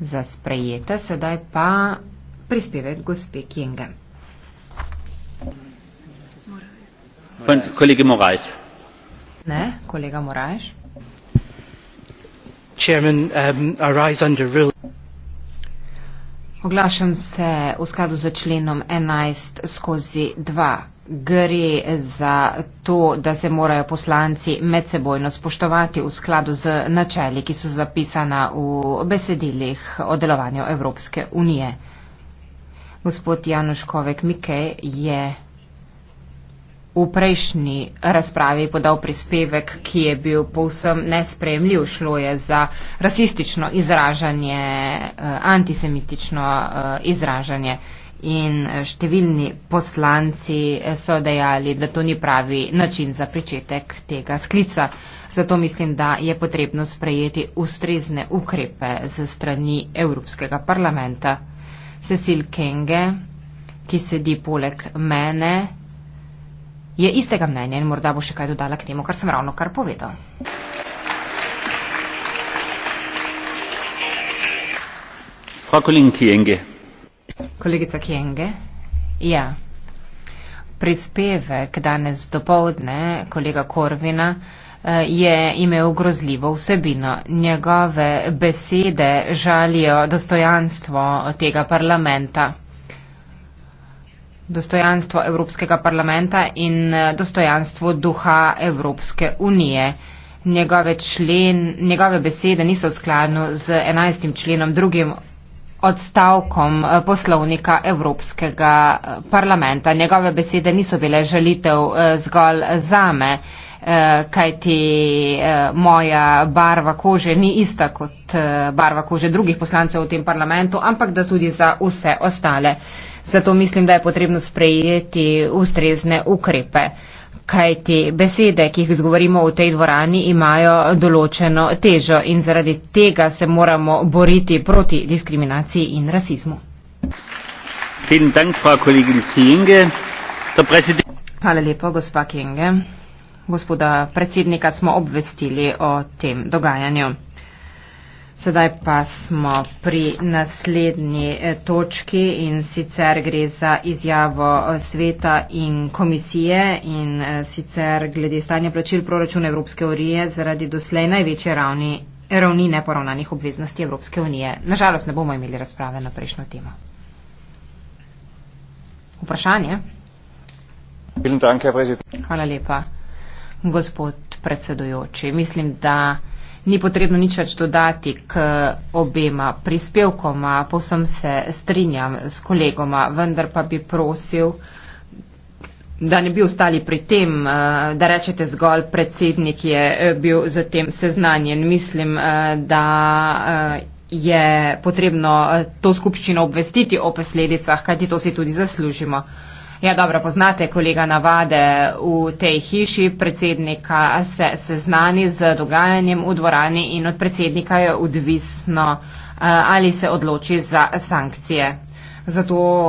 za sprejeta, sedaj pa prispevek gospe Kinga. Kolegi Morajš. Ne, kolega Morajš. Chairman, um, real... Oglašam se v skladu za členom 11 skozi 2 gre za to, da se morajo poslanci medsebojno spoštovati v skladu z načeli, ki so zapisana v besedilih o delovanju Evropske unije. Gospod Januškovek Mikej je v prejšnji razpravi podal prispevek, ki je bil povsem nespremljiv. Šlo je za rasistično izražanje, eh, antisemistično eh, izražanje in eh, številni poslanci eh, so dejali, da to ni pravi način za pričetek tega sklica. Zato mislim, da je potrebno sprejeti ustrezne ukrepe ze strani Evropskega parlamenta. Cecil Kenge, ki sedi poleg mene, je istega mnenja in morda bo še kaj dodala k temu, kar sem ravno kar povedal. Frau Kollegin Kienge. Kolegica Kjenge, ja. Prispevek danes dopoledne kolega Korvina eh, je imel grozljivo vsebino. Njegove besede žalijo dostojanstvo tega parlamenta, dostojanstvo Evropskega parlamenta in eh, dostojanstvo duha Evropske unije. Njegove, člen, njegove besede niso v skladu z 11. členom drugim odstavkom eh, poslovnika Evropskega eh, parlamenta. Njegove besede niso bile žalitev eh, zgolj zame, kajti moja barva kože ni ista kot barva kože drugih poslancev v tem parlamentu, ampak da tudi za vse ostale. Zato mislim, da je potrebno sprejeti ustrezne ukrepe kajti besede, ki jih izgovorimo v tej dvorani, imajo določeno težo in zaradi tega se moramo boriti proti diskriminaciji in rasizmu. Hvala lepa, gospa Kinge. Gospoda predsednika smo obvestili o tem dogajanju. Sedaj pa smo pri naslednji eh, točki in sicer gre za izjavo eh, sveta in komisije in eh, sicer glede stanja plačil proračuna Evropske unije zaradi doslej največje ravni, ravni neporavnanih obveznosti Evropske unije. Nažalost ne bomo imeli razprave na prejšnjo temo. Vprašanje? Hvala lepa, gospod predsedujoči. Mislim, da ni potrebno nič več dodati k obema prispevkoma, posem se strinjam s kolegoma, vendar pa bi prosil, da ne bi ostali pri tem, eh, da rečete zgolj predsednik je eh, bil z tem seznanjen. Mislim, eh, da je potrebno to skupščino obvestiti o posledicah, kajti to si tudi zaslužimo. Ja, dobro, poznate kolega navade v tej hiši, predsednika se seznani z dogajanjem v dvorani in od predsednika je odvisno, eh, ali se odloči za sankcije. Zato